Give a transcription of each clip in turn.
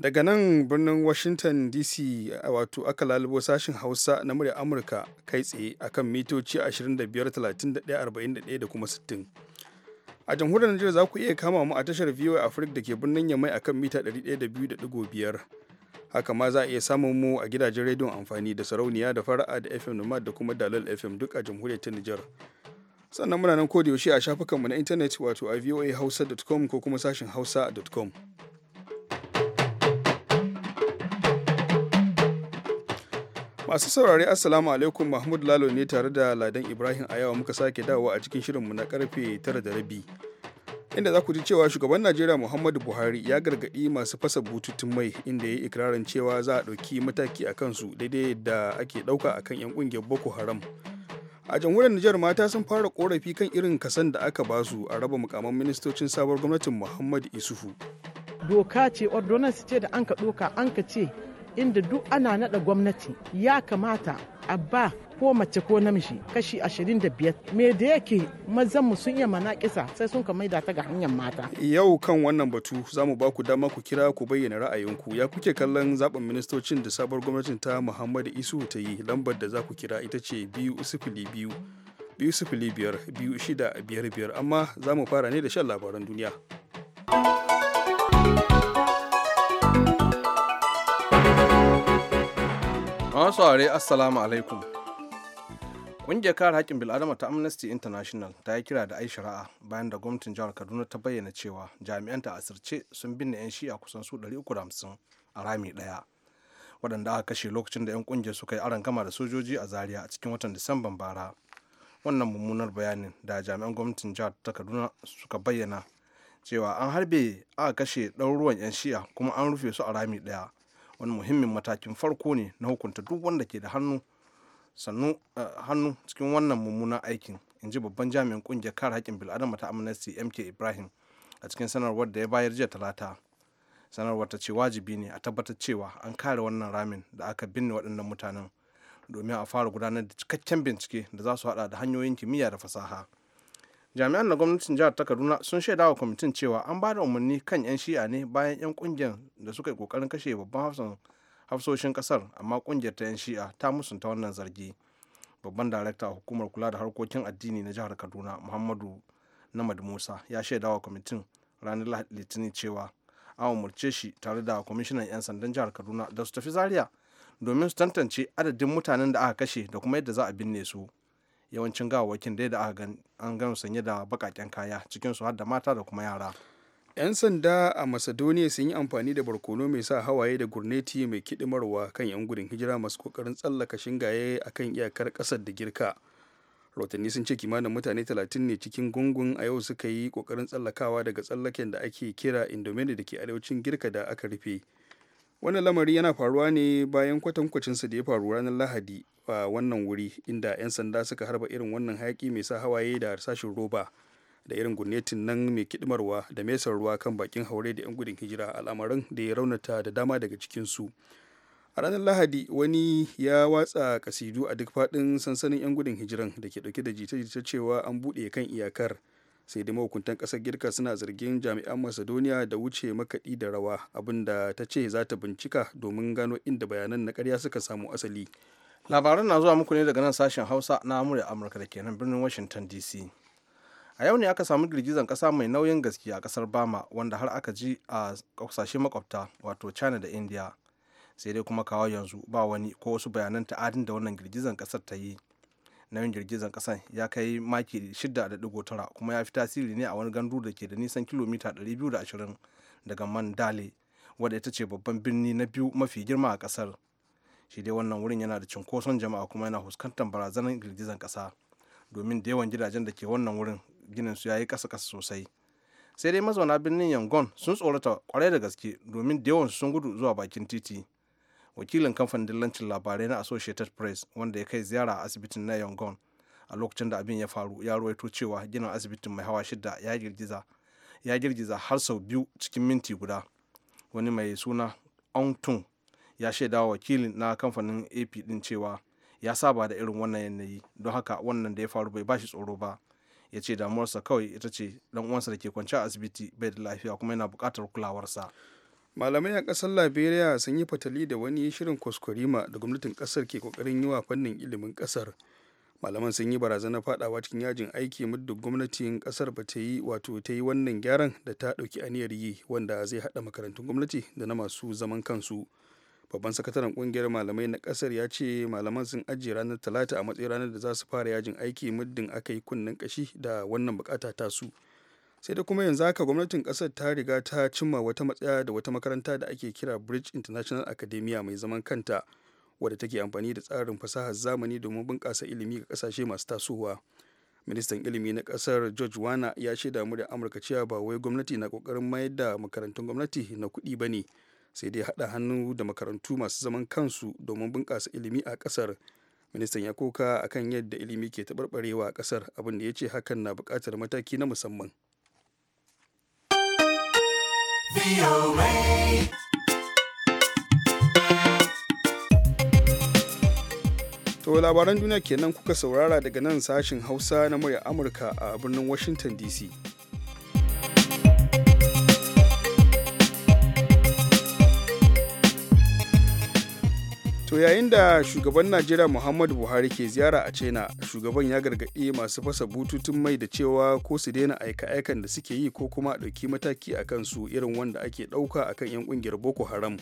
daga nan birnin washington dc wato aka lalubo sashen hausa na murya amurka kai tsaye akan mitoci 25 da kuma 60 a jamhuriyar najeriya za ku iya kama mu a tashar voa africa da ke birnin yamai akan mita 102.5 haka ma za a iya samun mu a gidajen rediyon amfani da sarauniya da fara'a da fm nomad da kuma dalal fm duk a jamhuriyar ta nijar sannan muna nan yaushe a shafukanmu na intanet wato a voahausa.com ko kuma sashin hausa.com Masu saurari Assalamu alaikum Mahmud Lalo ne tare da Ladan Ibrahim a yawa muka sake dawowa a cikin shirinmu na karfe tara da rabi. Inda za ku ji cewa shugaban Najeriya Muhammadu Buhari ya gargaɗi masu fasa bututun mai inda ya yi ikirarin cewa za a ɗauki mataki a kansu daidai da ake ɗauka a kan 'yan ƙungiyar Boko Haram. A jamhuriyar Nijar mata sun fara korafi kan irin kasan da aka basu a raba mukamman ministocin sabuwar gwamnatin Muhammadu Isufu. Doka ce, ordonance ce da an ka ɗoka, an ka ce inda duk ana naɗa gwamnati ya kamata a ba ko mace ko namiji kashi 25 me da yake mazan mu sun iya manakisa sai sun ka maida ta ga hanyar mata yau kan wannan batu za mu ba ku dama ku kira ku bayyana ra'ayinku ya kuke kallon zaben ministocin da sabuwar gwamnatin ta muhammadu isu ta yi lambar da za ku kira ita ce biyu sifili biyu biyu sifili biyar biyu amma za mu fara ne da shan labaran duniya Masu ware Assalamu alaikum. Ƙungiyar kare haƙƙin bil'adama ta Amnesty International ta yi kira da ai shari'a bayan da gwamnatin jihar Kaduna ta bayyana cewa jami'an ta asirce sun binne 'yan shi'a kusan su 350 a rami ɗaya. Waɗanda aka kashe lokacin da 'yan ƙungiyar suka yi aron gama da sojoji a Zaria a cikin watan Disamban bara. Wannan mummunar bayanin da jami'an gwamnatin jihar ta Kaduna suka bayyana cewa an harbe aka kashe ɗaruruwan 'yan shi'a kuma an rufe su a rami ɗaya. wani muhimmin matakin farko ne na hukunta duk wanda ke da hannu sannu eh, hannu cikin wannan mummunan aikin in ji babban jami'in kungiyar kare haƙƙin bil'adama ta amnesty mk ibrahim a cikin sanarwar da ya bayar jiya talata sanarwar ta ce wajibi ne a tabbatar cewa an kare wannan ramin da aka binne waɗannan mutanen domin a fara gudanar da cikakken bincike da za su haɗa da hanyoyin kimiyya da fasaha jami'an na gwamnatin jihar ta kaduna sun shaida wa kwamitin cewa an ba da umarni kan 'yan shi'a ne bayan 'yan kungiyar da suka yi kokarin kashe babban hafsoshin kasar amma kungiyar ta 'yan shi'a ta musunta wannan zargi babban darakta a hukumar kula da harkokin addini na jihar kaduna muhammadu namad musa ya shaida wa kwamitin ranar litinin cewa an umarce shi tare da kwamishinan 'yan sandan jihar kaduna da su tafi zaria domin su tantance adadin mutanen da aka kashe da kuma yadda za a binne su yawancin gawawakin dai da aka gani an gano sanye da bakaken kaya cikinsu har da mata da kuma yara 'yan sanda a macedonia sun yi amfani da barkono mai sa hawaye da gurneti mai kidimarwa kan 'yan gudun hijira masu kokarin tsallaka shingaye a kan iyakar kasar da girka rahotanni sun ce kimanin mutane 30 ne cikin gungun a yau suka yi kokarin tsallakawa daga tsallaken da ake kira indomini da ke arewacin girka da aka rufe wannan lamari yana faruwa ne bayan kwatankwacinsa da ya faru ranar lahadi a wannan wuri inda 'yan sanda suka harba irin wannan hayaki mai sa hawaye da harsashin roba da irin gwamnatin nan mai kidimarwa da mesar ruwa kan bakin haure da 'yan gudun hijira al'amarin da ya raunata da dama daga cikinsu a ranar lahadi wani ya watsa kasidu a duk faɗin sansanin 'yan gudun hijiran da ke ɗauke da jita-jita cewa an buɗe kan iyakar sai dai mahukuntan kasar girka suna zargin jami'an macedonia da wuce makaɗi da rawa abinda ta ce za ta bincika domin gano inda bayanan na karya suka samu asali labaran na zuwa muku ne daga nan sashen hausa na amurya amurka da ke nan birnin washington dc a yau ne aka samu girgizan kasa mai nauyin gaske a kasar bama wanda har aka ji a kasashe makwabta wato china da india sai dai kuma kawo yanzu ba wani ko wasu bayanan ta'adin da wannan girgizan kasar ta yi na yin girgizar kasan ya kai maki 6.9 kuma ya fi tasiri ne a wani gandu da ke da nisan kilomita 220 daga mandale wadda ita ce babban birni na biyu mafi girma a kasar shi dai wannan wurin yana da cunkoson jama'a kuma yana fuskantar barazanar girgizar kasa domin da yawan gidajen da ke wannan wurin ginin su yayi kasa kasa sosai sai dai mazauna birnin yangon sun tsorata kwarai da gaske domin da yawan sun gudu zuwa bakin titi wakilin kamfanin dillancin labarai na associated press wanda ya kai ziyara a asibitin na yangon a lokacin da abin ya faru ya ruwaito cewa ginin asibitin mai hawa shida ya girgiza ya girgiza har sau biyu cikin minti guda wani mai suna ongtun ya shaida wa wakilin na kamfanin ap din cewa ya saba da irin wannan yanayi don haka wannan da ya faru bai bashi tsoro ba ya ce damuwarsa kawai ita ce dan uwansa da ke kwanciya a asibiti bai da lafiya kuma yana bukatar kulawarsa malamai a ƙasar liberia sun yi fatali da wani shirin kwaskwarima da gwamnatin ƙasar ke ƙoƙarin yi wa fannin ilimin ƙasar malaman sun yi barazanar fadawa cikin yajin aiki muddin gwamnatin ƙasar ba ta yi wato ta yi wannan gyaran da ta ɗauki aniyar yi wanda zai haɗa makarantun gwamnati da na masu zaman kansu babban sakataren ƙungiyar malamai na ƙasar ya ce malaman sun ajiye ranar talata a matsayin ranar da za su fara yajin aiki muddin aka yi kunnen kashi da wannan bukata ta su sai da kuma yanzu haka gwamnatin kasar ta riga ta cimma wata matsaya da wata makaranta da ake kira bridge international academia mai zaman kanta wadda take amfani da tsarin fasahar zamani domin bunƙasa ilimi ga kasashe masu tasowa ministan ilimi na kasar george wana ya shaida mu da amurka cewa ba wai gwamnati na kokarin mayar da makarantun gwamnati na kuɗi ba ne sai dai haɗa hannu da makarantu masu zaman kansu domin bunƙasa ilimi a ƙasar ministan ya koka akan yadda ilimi ke taɓarɓarewa a ƙasar abin ya ce hakan na buƙatar mataki na musamman To labaran duniya kenan kuka saurara daga nan sashin Hausa na murya Amurka a birnin Washington DC. To yayin da shugaban Najeriya Muhammadu Buhari ke ziyara a China, shugaban ya gargaɗi masu fasa bututun mai da cewa ko su daina aika-aikan da suke yi ko kuma a ɗauki mataki a kansu irin wanda ake ɗauka a kan 'yan ƙungiyar Boko Haram.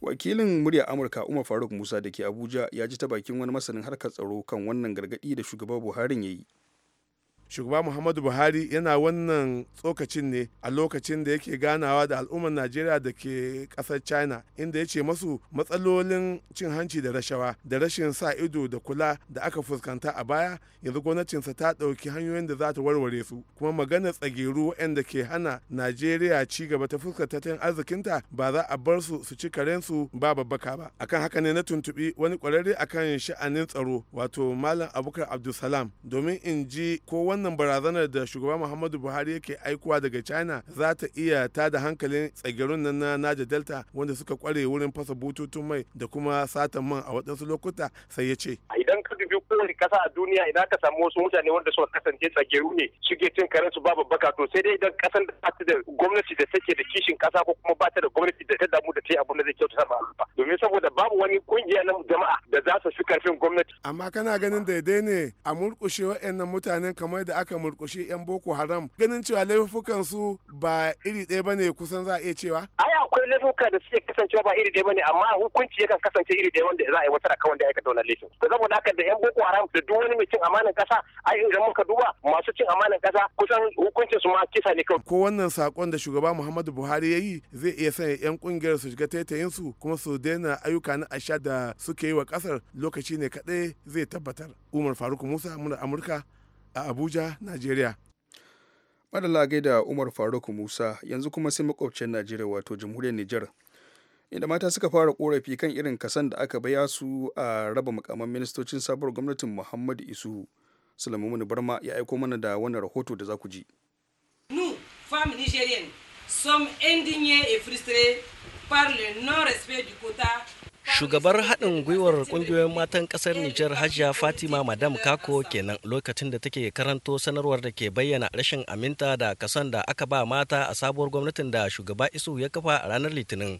Wakilin murya Amurka Umar Faruk Musa da ke Abuja ya ji ta bakin wani masanin harkar tsaro kan wannan gargaɗi da shugaban Buhari ya yi. shugaba muhammadu buhari yana wannan tsokacin ne a lokacin da yake ganawa da al'ummar najeriya da ke kasar china inda ya ce masu matsalolin cin hanci da rashawa da rashin sa ido da kula da aka fuskanta a baya yanzu gwamnatinsa ta ɗauki hanyoyin da za ta warware su kuma maganar tsageru waɗanda ke hana najeriya ci gaba ta fuskar tattalin arzikinta ba za a bar su su ci karensu ba babbaka ba akan haka ne na tuntuɓi wani ƙwararre akan sha'anin tsaro wato malam abubakar abdulsalam domin in ji ko wannan barazanar da shugaba muhammadu buhari yake aikuwa daga china za ta iya tada hankalin tsagerun nan na naja delta wanda suka kware wurin fasa bututun mai da kuma satan man a waɗansu lokuta sai ya ce idan ka dubi kowane kasa a duniya idan ka samu wasu mutane wanda suka kasance tsageru ne suke cin karen su babu baka to sai dai idan kasan da ta da gwamnati da take da kishin kasa ko kuma ba ta da gwamnati da ta damu da ta yi abin da zai kyautata ma al'umma domin saboda babu wani kungiya na jama'a da za su fi karfin gwamnati amma kana ganin daidai ne a murƙushe wa'annan mutanen kamar da aka murkushe 'yan boko haram ganin cewa laifukan su ba iri ɗaya ba ne kusan za a iya cewa? ai akwai laifuka da suke kasancewa ba iri ɗaya ba ne amma hukunci yakan kasance iri ɗaya wanda za a yi wata da da aikata wannan laifin to saboda haka da 'yan boko haram da duk wani mai cin amanan kasa ai idan muka duba masu cin amanan kasa kusan hukuncin su ma kisa ne kawai. ko wannan sakon da shugaba muhammadu buhari ya yi zai iya sanya 'yan kungiyar su shiga taitayin su kuma su daina ayyuka na asha da suke yi wa kasar lokaci ne kaɗai zai tabbatar umar faruk musa muna amurka a abuja najeriya madalla gaida umar faruk musa yanzu kuma sai makwabcin najeriya wato jamhuriyar nijar inda mata suka fara korafi kan irin kasan da aka baya su a raba makaman ministocin sabuwar gwamnatin muhammadu isu sulaiman barma ya aiko mana da wannan rahoto da za ku ji nous nigerian nigériennes sommes indignées et par le non respect du quota shugabar haɗin gwiwar ƙungiyoyin matan ƙasar Nijar Hajiya Fatima Madam Kako kenan lokacin da take karanto sanarwar da ke bayyana rashin aminta da kasan da aka ba mata a sabuwar gwamnatin da shugaba Isu ya kafa a ranar Litinin.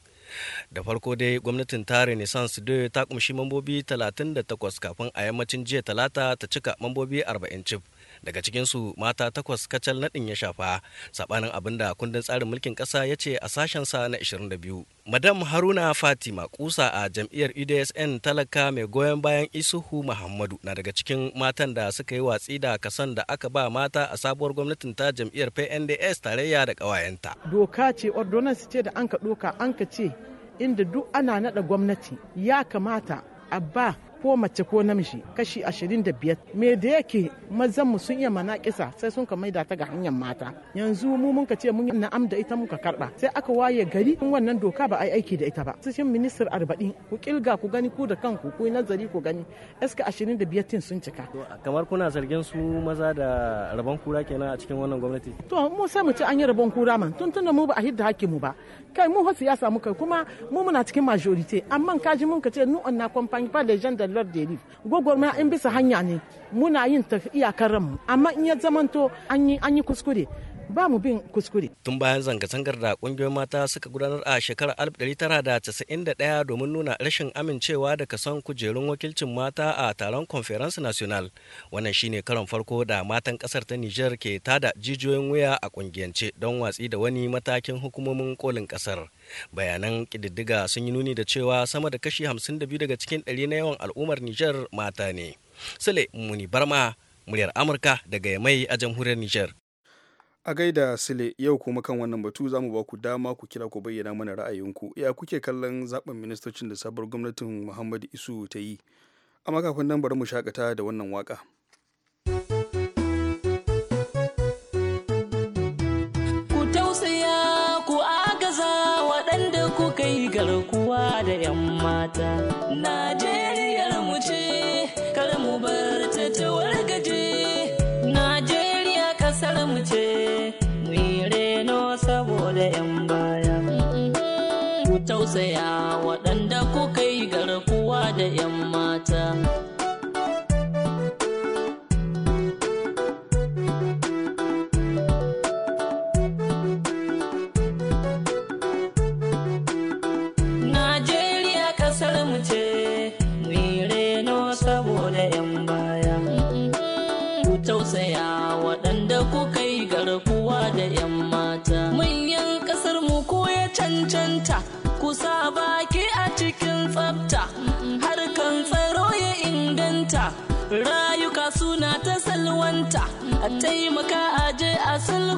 Da farko dai gwamnatin ta Renaissance 2 ta kumshi mambobi 38 kafin a yammacin jiya talata ta cika mambobi 40 cif. daga cikinsu mata takwas kacal naɗin ya shafa saɓanin abin da kundin tsarin mulkin ƙasa ya ce a sa na 22 madam haruna fatima kusa a jam'iyyar udsn e talaka mai goyon bayan isuhu muhammadu na daga cikin matan da suka yi watsi da kasan da aka ba mata a sabuwar gwamnatin ta jam'iyyar pnds tarayya da kawayenta. doka ce ordonance ce da an ka doka an ka ce inda duk ana naɗa gwamnati ya kamata a ba ko mace ko namiji kashi ashirin biyar me da yake mazan mu sun iya kisa sai sun ka maida ta ga hanyar mata yanzu mu mun ka ce mun na am da ita muka karba sai aka waye gari kun wannan doka ba ai aiki da ita ba shin ministar arba'in ku kilga ku gani ku da kanku ku nazari ku gani eska biyar tin sun cika kamar kuna zargin su maza da rabon kura kenan a cikin wannan gwamnati to mu sai mu ci an yi rabon kura man tun tun da mu ba a hidda hakki mu ba kai mu siyasa kai kuma mu muna cikin majority amma kaji mun ka ce nu on na compagnie pas gens de cellular delif gwagwarmaya in bisa hanya ne muna yin ta iyakar ranmu amma in ya zamanto an yi kuskure ba mu bin kuskure. Tun bayan zanga-zangar da kungiyoyin mata suka gudanar a shekarar 1991 domin nuna rashin amincewa da kason kujerun wakilcin mata a taron conference national. Wannan shine karon farko da matan kasar ta Nijar ke tada jijiyoyin wuya a kungiyance don watsi da wani matakin hukumomin kolin kasar. Bayanan kididdiga sun yi nuni da cewa sama da kashi 52 daga cikin 100 na yawan al'ummar Nijar mata ne. Sule Muni Barma, muryar Amurka daga Yamai a jamhuriyar Nijar. A gaida Sile yau kuma kan wannan batu za mu ba ku dama ku kira ku bayyana mana ra'ayinku. Ya kuke kallon zaben ministocin da sabuwar gwamnatin Muhammadu Isu ta yi. Amma kafin nan bari mu shakata da wannan waka. Ku tausaya ku agaza waɗanda kuka yi garkuwa da 'yan mata. Na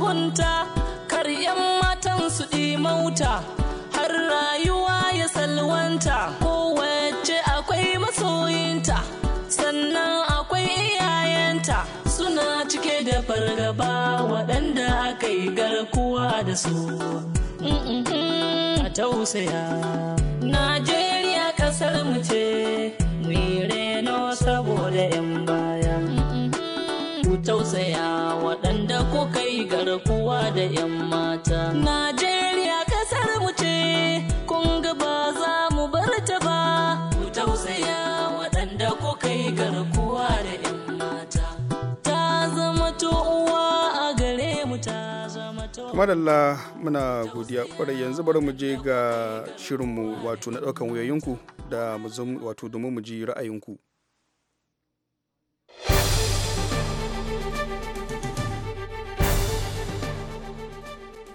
sulhunta kar 'yan matan su mauta har rayuwa ya salwanta kowace akwai masoyinta sannan akwai iyayenta suna cike da fargaba waɗanda aka yi garkuwa da su a tausaya najeriya ƙasar mu ce da 'yan mata. Najeriya kasar mu ce, kun ga ba za mu bar ta ba. Ku tausaya waɗanda kuka kai garkuwa da 'yan mata. Ta zama to uwa a gare mu ta zama to. Madalla muna godiya kwarai yanzu bari mu je ga shirinmu wato na ɗaukan wayoyinku da mu wato domin mu ji ra'ayinku.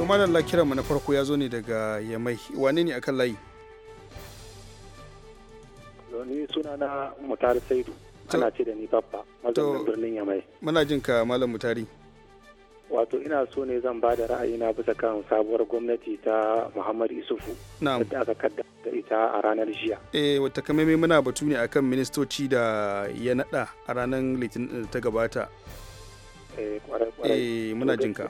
to madalla kiranmu na farko ya zo ne daga yamai wane ne akan layi ni suna na mutari saidu ana ce da ni babba mazaunin birnin yamai muna jin ka malam mutari wato ina so ne zan ba da ra'ayi na bisa kan sabuwar gwamnati ta muhammad isufu na da aka kadda da ita a ranar jiya eh wata kamar muna batu ne akan ministoci da ya nada a ranar litinin eh, ta gabata Eh, eh muna ka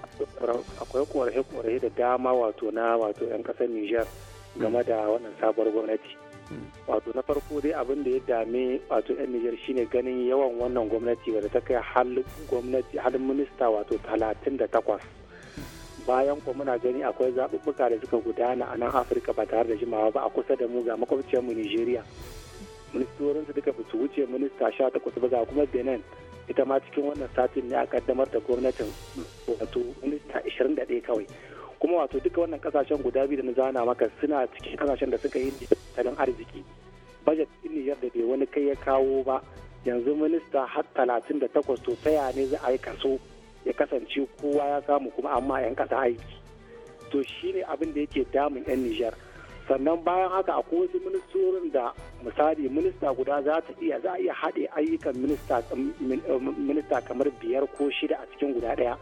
akwai kwarai-kwarai da dama wato na wato 'yan kasar nijar game hmm. da wannan sabuwar gwamnati hmm. wato na farko dai abin da ya dame wato 'yan nijar shine ganin yawan wannan gwamnati wadda ta kai hal gwamnati hal minista wato 38 bayan ko muna gani akwai zaɓuɓɓuka da suka gudana a nan afirka ba tare da jimawa ba a kusa da mu ga makwabciyarmu nigeria ministorinsu duka ba su wuce minista 18 ba ga kuma benin ita ma cikin wannan satin ne a kaddamar da gwamnatin wato minista 21 kawai kuma wato duka wannan kasashen guda biyu da na zana maka suna cikin kasashen da suka yi tattalin arziki bajet din ne da bai wani kai ya kawo ba yanzu minista har 38 to ta ne za a yi kaso ya kasance kowa ya samu kuma amma 'yan kasa aiki to shine abin da yake damun 'yan nijar sannan bayan haka akwai wasu ministorin da misali minista guda za ta iya za a iya haɗe ayyukan minista kamar biyar ko shida a cikin guda ɗaya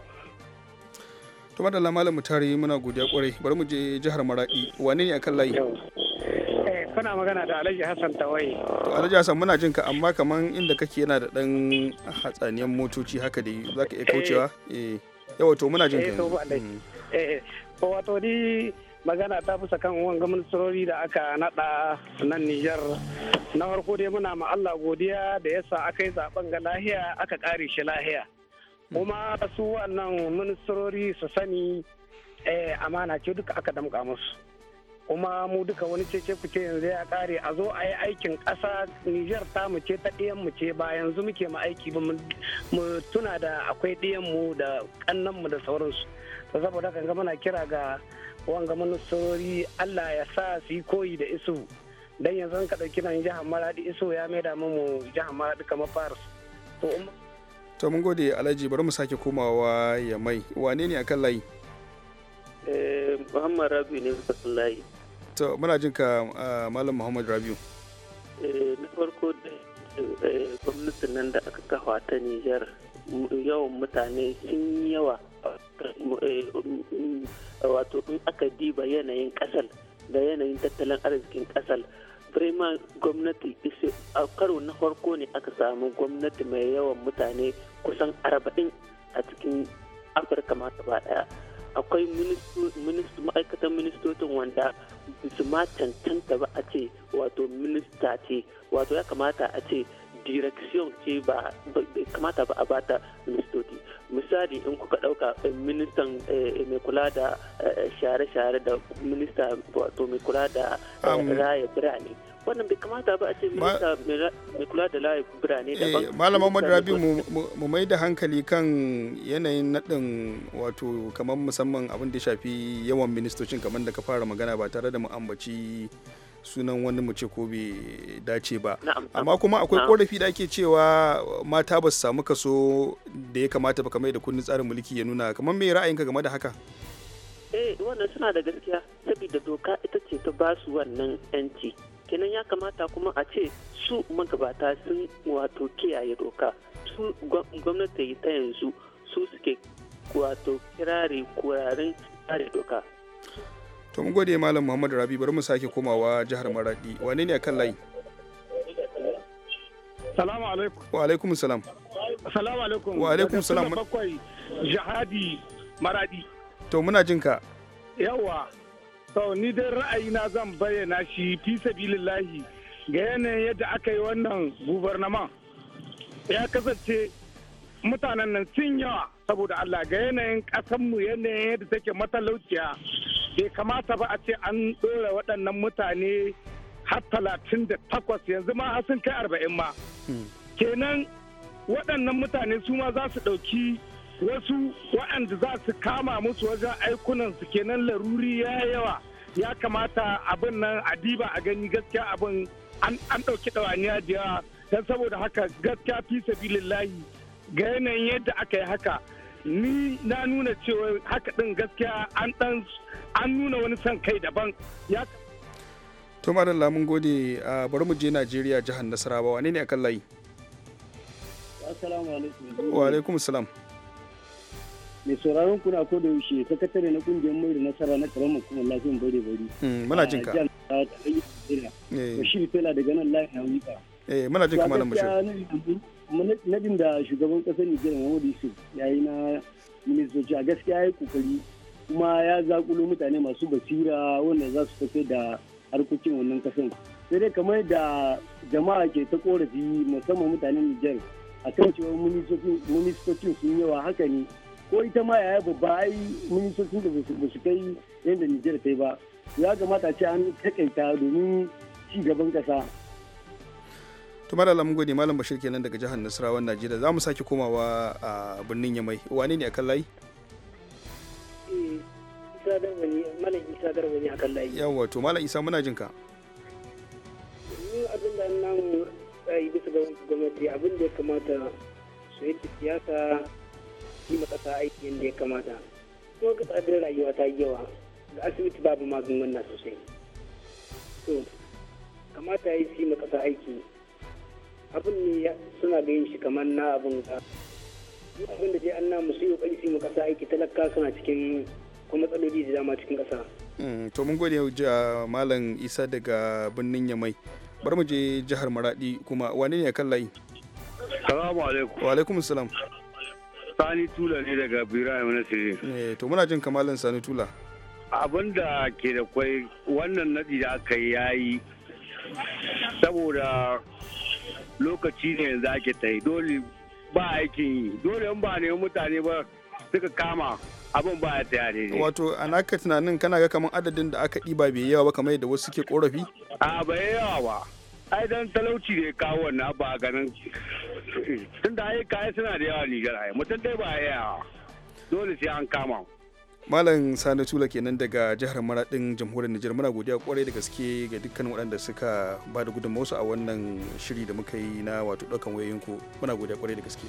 to madalla malam mutare muna godiya kwarai bari mu je jihar maradi wane ne akan layi eh, kuna magana da alhaji hassan tawaye to alhaji hassan muna jin ka amma kaman inda kake yana da dan hatsaniyan motoci haka dai zaka iya kaucewa eh, eh yawa to muna jin ka eh, hmm. eh wato ni magana ta fi kan wanga ministrori da aka nada nan Nijar. Na farko dai muna ma Allah godiya da yasa aka yi zaben ga lahiya aka kare shi lahiya. Kuma su wannan ministrori su sani eh, amana ce duka aka damka musu. kuma mu duka wani cece fice yanzu ya kare a zo a yi aikin ƙasa Nijar ta mu ce ta ɗiyan mu ce ba yanzu muke ma aiki ba mu tuna da akwai ɗiyan mu da ƙannan mu da sauransu. to saboda kanga muna kira ga wanga ministori Allah ya sa su yi koyi da isu dan yanzu ka dauki nan jihar Maradi isu ya maida mu jihar Maradi kamar Paris to to mun gode Alhaji bari mu sake komawa ya mai wane ne akan layi eh Muhammad Rabi ne suka san to muna jin ka ah, malam Muhammad rabi. Eh, na farko da eh, gwamnatin nan da aka kafa ta Nijar yawan mutane sun yawa a Eh, um, wato in aka diba yanayin kasar da yanayin tattalin arzikin kasar prima gwamnati a karo na farko ne aka samu gwamnati mai yawan mutane kusan arba'in a cikin afirka ma ba daya akwai ma'aikatan ministocin wanda su ma cancanta ba a ce wato minista ce wato ya kamata a ce direction ce ba kamata ba a bata ministoci misali in kuka ɗauka eh, ministan eh, mai kula da eh, share-share da minista wato mai kula da raya birane wannan bai kamata ba a ce minista mai kula da raya birane daban malama madarabi mu mai da hankali kan yanayin naɗin wato kamar musamman abin da shafi yawan ministocin kamar da ka fara magana ba tare da mu ambaci sunan wani mace ko bai dace ba amma kuma akwai korafi da ake cewa mata ba su samu kaso da ya kamata ba kamar da kundin tsarin mulki ya nuna kamar me ra'ayinka game da haka eh wannan suna da gaskiya saboda doka ita ce ta ba su wannan yanci kenan ya kamata kuma a ce su magabata sun wato kiyaye doka su gwamnati ta yanzu su suke wato kirare kurarin kare doka to mun gode malam muhammadu rabi bari mu sake komawa jihar maradi wane ne akan layi salamu alaikum wa alaikum salam salamu alaikum wa alaikum salam bakwai jihadi maradi to muna jin ka yawa to ni dai ra'ayi na zan bayyana shi fi sabilillahi ga yanayin yadda aka yi wannan gubernama ya kasance mutanen nan sun yawa saboda Allah ga yanayin ƙasarmu yanayin yadda take matalauciya bai kamata ba a ce an ɗora waɗannan mutane har talatin da takwas yanzu ma har sun kai arba'in ma hmm. kenan waɗannan mutane su ma za su ɗauki wasu waɗanda za su kama musu wajen aikunan su kenan laruri ya yawa ya kamata abin nan a diba a gani gaskiya abin an ɗauki ɗawaniya da yawa don saboda haka gaskiya fi sabilillahi ga yanayin yadda aka yi haka ni na nuna cewa haka ɗin gaskiya an ɗan an nuna wani son kai daban ya to madan mun gode bari mu je najeriya jihar nasarawa wane ne akan layi assalamu alaikum wa alaikum salam mai sauraron kuna ko da yaushe sakatare na kungiyar mai nasara na karamar hukumar lafiyar bari bari hmm, muna jin ka eh. bashir tela daga nan lafiya wika eh muna jin ka malam bashir nadin da shugaban kasar nigeria muhammadu yusuf yayi na ministoci a gaskiya yi kokari kuma ya zakulo mutane masu basira wanda za su tafi da harkokin wannan kasan sai dai kamar da jama'a ke ta korafi musamman mutanen Nijar a kan cewa ministocin sun yawa haka ne ko ita ma yaya babba ai ministocin da ba su kai yadda Nijar ta yi ba ya kamata ce an takaita domin ci gaban kasa to malam gode malam bashir kenan daga jihar nasarawa najeriya za mu sake komawa a birnin yamai wane ne kan layi isa garba malam isa garba ne akan layi yawa to malam isa muna jinka ni abin da nan yi bisa ga gwamnati abin da ya kamata su yi siyasa yi ma kasa aiki yadda ya kamata kuma ga tsadar rayuwa ta yawa ga asibiti babu magunguna sosai to kamata ya yi su yi ma kasa aiki abin ne suna ga yin shi kamar na abin ga abin da dai an na musu yi ƙarfi mu kasa aiki talaka suna cikin ko matsaloli da dama cikin ƙasa. Mm, to mun gode jiya malam isa daga birnin yamai bar mu je jihar maradi kuma wane ne kan layi salamu alaikum wa alaikum salam sani tula ne daga bira na sirri eh, to muna jin kamalin sani tula abin da ke da kwai wannan nadi da aka yi yayi saboda lokaci ne yanzu ake ta yi dole ba aikin yi dole in ba ne mutane ba suka kama abin ba ya ne wato a naka tunanin kana ga kamar adadin da aka ɗiba bai yawa ba kamar yadda wasu suke korafi a bai yawa ba ai dan talauci ne kawo wannan ba ganin tun da ai kayan suna da yawa nigar ai mutum dai ba yawa dole sai an kama Malam Sani Tula kenan daga jihar Maradin jamhuriyar Nijar muna godiya kwarai da gaske ga dukkan waɗanda suka ba da gudunmawarsu a wannan shiri da muka yi na wato ɗaukan wayoyinku muna godiya kwarai da gaske.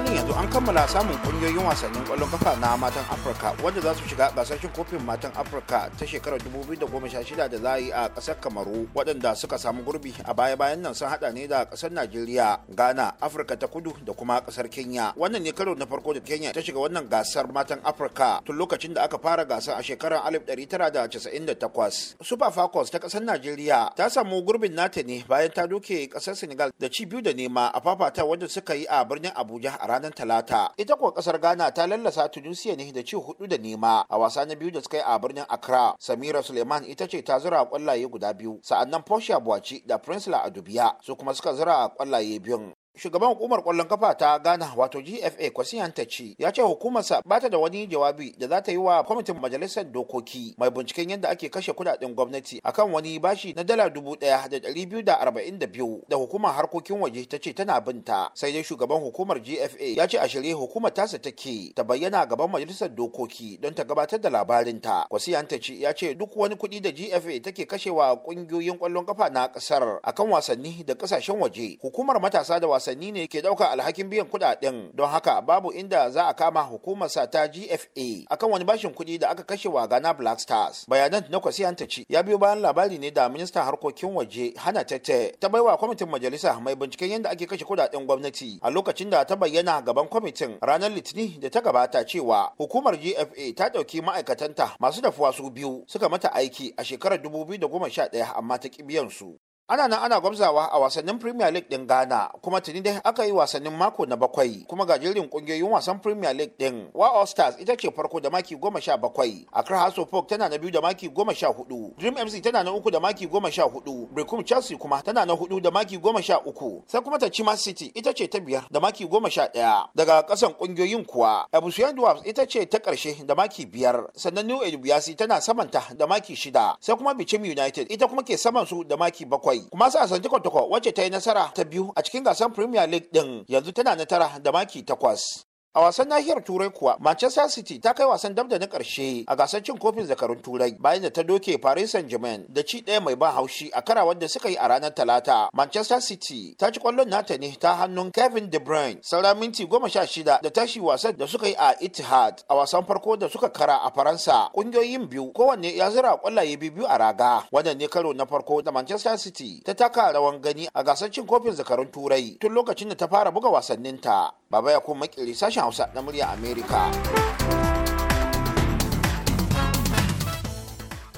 halin yanzu an kammala samun kungiyoyin wasannin kwallon kafa na matan afirka wanda za su shiga gasashen kofin matan afirka ta shekarar 2016 da za yi a kasar kamaru waɗanda suka samu gurbi a baya-bayan nan sun haɗa ne da kasar najeriya ghana afirka ta kudu da kuma kasar kenya wannan ne karo na farko da kenya ta shiga wannan gasar matan afirka tun lokacin da aka fara gasar a shekarar 1998 super falcons ta kasar najeriya ta samu gurbin nata ne bayan ta doke kasar senegal da ci biyu da nema a fafata wanda suka yi a birnin abuja a ranar talata ita kuwa kasar ghana ta lallasa tunisia ne da ci hudu da nema a wasa na biyu da suka yi a birnin accra samira suleiman ita ce ta zura kwallaye guda biyu sa'annan portia buwaci da prince la adubiya su kuma suka zura kwallaye biyun shugaban hukumar kwallon kafa ta ghana wato gfa kwasiyanta ce ya ce hukumarsa ba ta da wani jawabi da za ta yi wa kwamitin majalisar dokoki mai binciken yadda ake kashe kudaden gwamnati akan wani bashi na dala dubu daya da dari biyu da arba'in da biyu da hukumar harkokin waje ta ce tana binta sai dai shugaban hukumar gfa ya ce a shirye hukumar tasa take ta bayyana gaban majalisar dokoki don ta gabatar da labarinta kwasiyanta ce ya ce duk wani kuɗi da gfa take kashewa ƙungiyoyin kwallon kafa na ƙasar akan wasanni da ƙasashen waje hukumar matasa da wasanni ne ke dauka alhakin biyan kudaden don haka babu inda za a kama hukumar sa ta gfa akan wani bashin kudi da aka kashe wa ghana black stars bayanan na ta ci ya biyo bayan labari ne da ministan harkokin waje hana tete ta baiwa kwamitin majalisa mai binciken yadda ake kashe kudaden gwamnati a lokacin da ta bayyana gaban kwamitin ranar litinin da ta gabata cewa hukumar gfa ta ɗauki ma'aikatanta masu dafuwa su biyu suka mata aiki a shekarar 2011 amma ta ƙi biyan su ana nan ana gwamzawa a wasannin premier league din ghana kuma tuni dai aka yi wasannin mako na bakwai kuma gajeren kungiyoyin wasan premier league din wa all stars ita ce farko da maki goma sha bakwai accra hasso folk tana na biyu da maki goma sha hudu dream mc tana na uku da maki goma sha hudu brekum chelsea kuma tana na hudu da maki goma sha uku sai kuma ta chima city ita ce ta biyar da maki goma sha daya daga kasan kungiyoyin kuwa abusuyan dwarfs ita ce ta karshe da maki biyar sannan new biyasi tana samanta da maki shida sai kuma bichim united ita kuma ke saman su da maki bakwai bakwai kuma sanji kwatakwa wacce ta yi nasara ta biyu a cikin gasar premier league din yanzu tana na tara da maki takwas A wasan nahiyar Turai kuwa Manchester City ta kai wasan damda na ƙarshe a gasar cin kofin zakarun Turai bayan da ta doke Paris Saint-Germain da ci ɗaya mai ban haushi a kara wanda suka yi a ranar Talata. Manchester City ta ci kwallon nata ne ta hannun Kevin De Bruyne saura minti goma sha shida da tashi wasan da suka yi a Etihad a wasan farko da suka kara a Faransa. Ƙungiyoyin biyu kowanne ya zira kwallaye biyu a raga. Wannan ne karo na farko da Manchester City ta taka rawan gani a gasar cin kofin zakarun Turai tun lokacin da ta fara buga wasanninta. Baba ya kuma makiri sashen sashen hausa na murya amerika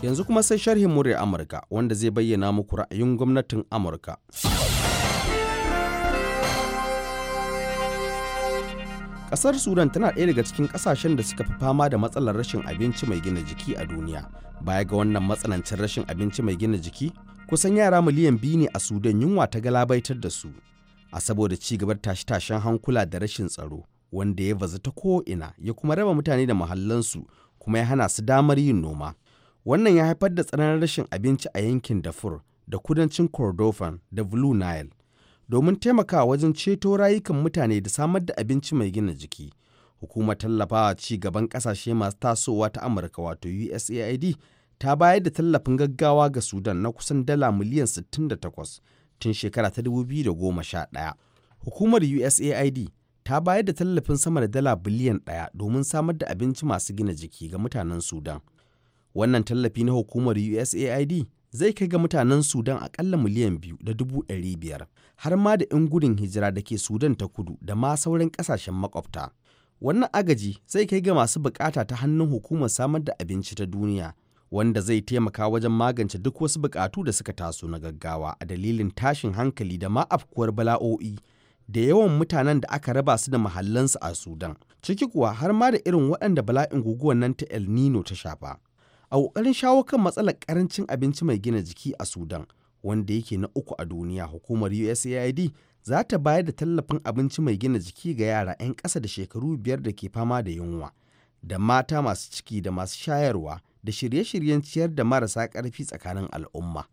yanzu kuma sai sharhin murya amurka wanda zai bayyana muku ra'ayin gwamnatin amurka Ƙasar sudan tana ɗaya daga cikin ƙasashen da suka fi fama da matsalar rashin abinci mai gina jiki a duniya baya ga wannan matsanancin rashin abinci mai gina jiki kusan yara miliyan biyu ne a sudan yunwa ta galabaitar da su a saboda ci gabar tashe-tashen hankula da rashin tsaro wanda ya bazu ta ko'ina ya kuma raba mutane da mahallansu kuma ya hana su damar yin noma. Wannan ya haifar da tsananin rashin abinci a yankin dafur da kudancin Kordofan da Blue Nile domin taimakawa wajen ceto rayukan mutane da samar da abinci mai gina jiki. Hukumar tallafawa ci gaban ƙasashe masu tasowa ta Amurka wato USAID ta bayar da tallafin gaggawa ga Sudan na kusan dala miliyan 68 tun shekara ta 2011. Hukumar USAID ta bayar da tallafin sama da dala biliyan ɗaya domin samar da abinci masu gina jiki ga mutanen Sudan. Wannan tallafi na hukumar USAID zai kai ga mutanen Sudan akalla miliyan biyu da dubu ɗari biyar, har ma da 'yan gudun hijira da ke Sudan ta kudu da ma sauran ƙasashen makwabta. Wannan agaji zai kai ga masu bukata ta hannun hukumar samar da abinci ta duniya, wanda zai taimaka wajen magance duk wasu bukatu da suka taso na gaggawa a dalilin tashin hankali da ma afkuwar bala'o'i da yawan mutanen da aka raba su da mahallansu a Sudan, ciki kuwa har ma da irin waɗanda bala'in guguwar nan ta El Nino ta shafa. A ƙoƙarin shawo kan matsalar ƙarancin abinci mai gina jiki a Sudan, wanda yake na uku a duniya hukumar USAID za ta bayar da tallafin abinci mai gina jiki ga yara 'yan ƙasa da shekaru biyar da ke fama da yunwa, da mata masu ciki da masu shayarwa, da shirye-shiryen ciyar da marasa ƙarfi tsakanin al'umma.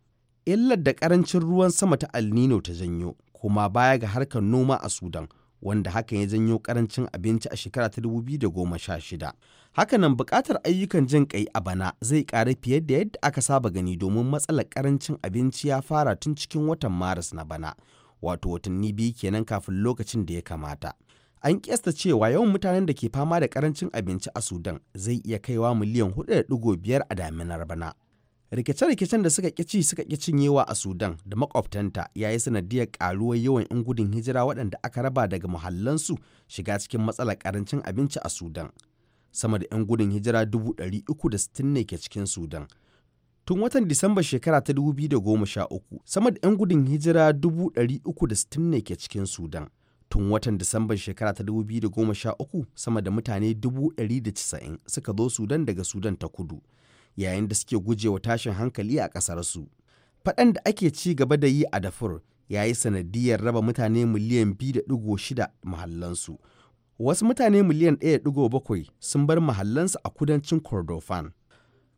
Illar da ƙarancin ruwan sama ta alnino ta janyo Kuma baya ga harkar noma a Sudan, wanda hakan ya janyo karancin abinci a shekara ta dubu goma sha 2016. Hakanan buƙatar ayyukan jin ƙai a bana zai ƙara fiye da yadda aka saba gani domin matsalar karancin abinci ya fara tun cikin watan Maris na bana, wato watanni biyu kenan kafin lokacin da ya kamata. An kiyasta cewa yawan mutanen da ke fama da karancin abinci a Sudan zai iya kaiwa miliyan biyar a daminar bana. rikice-rikicen da suka ƙici suka ƙi cinyewa a sudan da makwabtanta ya yi sanadiyar ƙaruwar yawan 'yan gudun hijira waɗanda aka raba daga muhallansu shiga cikin matsalar ƙarancin abinci a sudan sama da 'yan gudun hijira 360 ne ke cikin sudan tun watan disamba shekara ta 2013 sama da 'yan gudun hijira 360 ne ke cikin sudan tun watan disamba shekara ta 2013 sama da mutane 190 suka zo sudan daga sudan ta kudu yayin da suke gujewa tashin hankali a ƙasarsu. Faɗan da ake ci gaba da yi a dafur ya yi sanadiyar raba mutane miliyan 2.6 mahallansu. Wasu mutane miliyan 1.7 sun bar mahallansu a kudancin Kordofan.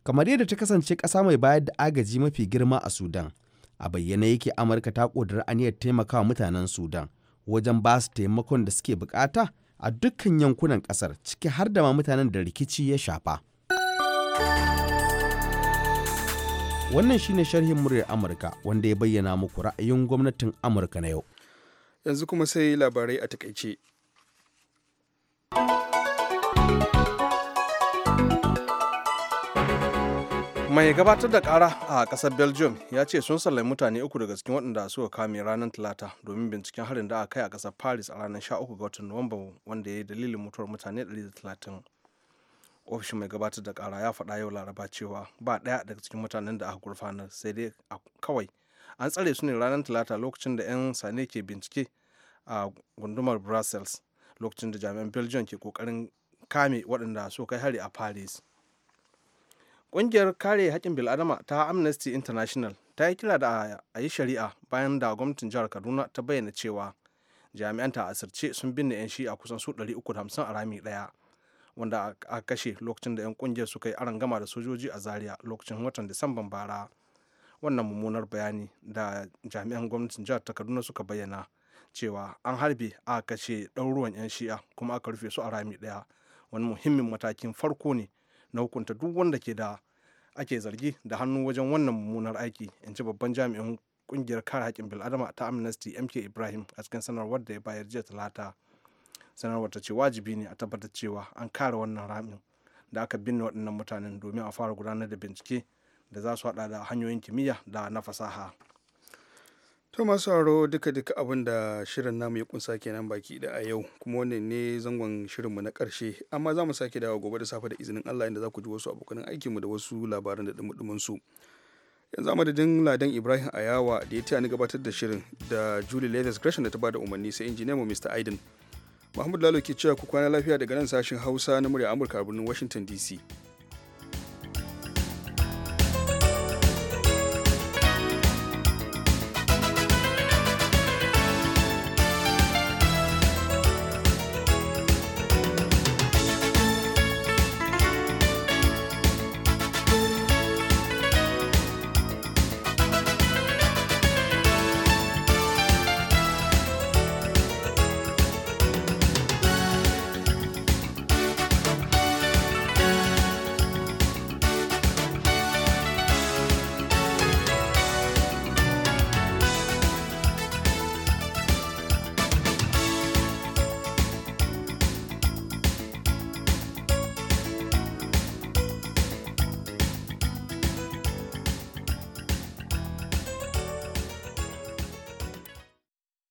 Kamar yadda ta kasance ƙasa mai bayar da agaji mafi girma a Sudan, a bayyana yake Amurka ta ƙudiri aniyar taimakawa mutanen Sudan wajen ba su taimakon da suke bukata a dukkan yankunan ƙasar ciki har da ma mutanen da rikici ya shafa. Wannan shine sharhin muryar Amurka wanda ya bayyana muku ra'ayin gwamnatin Amurka na yau. Yanzu kuma sai labarai a takaice. mai gabatar da kara a kasar belgium ya ce sun sallai mutane uku daga cikin waɗanda suka kame ranar talata domin binciken harin da aka kai a kasar paris a ranar 13 ga watan nuwamba wanda ya yi dalilin mutuwar mutane 130 ofishin mai gabatar da kara ya faɗa yau laraba cewa ba ɗaya daga cikin mutanen da aka gurfanar sai dai kawai an tsare su ne ranar talata lokacin da 'yan sane ke bincike a gundumar brussels lokacin da jami'an belgium ke kokarin kame waɗanda su kai hari a paris ƙungiyar kare haƙƙin bil'adama ta amnesty international ta yi kira da a yi shari'a bayan da gwamnatin jihar kaduna ta bayyana cewa jami'an ta asirce sun binne 'yan a kusan su 350 a rami ɗaya wanda a kashe lokacin da 'yan kungiyar suka yi gama da sojoji a zaria lokacin watan disamban bara wannan mummunar bayani da jami'an gwamnatin jihar ta kaduna suka bayyana cewa an harbe a kashe ɗauruwan 'yan shi'a kuma aka rufe su a rami ɗaya wani muhimmin matakin farko ne na hukunta duk wanda ke da ake zargi da hannu wajen wannan mummunar aiki in ji babban jami'in kungiyar kare haƙƙin bil'adama ta amnesty mk ibrahim a cikin sanarwar da ya bayar jiya talata sanarwar ta ce wajibi ne a tabbatar cewa an kare wannan ramin da aka binne waɗannan mutanen domin a fara gudanar da bincike da za su haɗa da hanyoyin kimiyya da na fasaha to masu sauraro duka duka abin da shirin namu ya kunsa kenan baki da a yau kuma wannan ne zangon shirinmu na karshe amma za mu sake dawo gobe da safe da izinin allah inda za ku ji wasu abokan aikinmu da wasu labaran da dumudumin su yanzu a madadin ladan ibrahim ayawa da ya taya ni gabatar da shirin da julie leathers gresham da ta bada umarni sai injiniyanmu mr aiden Mahmud Lalo ke cewa ku kwana lafiya daga nan sashen Hausa na murya Amurka a birnin Washington DC.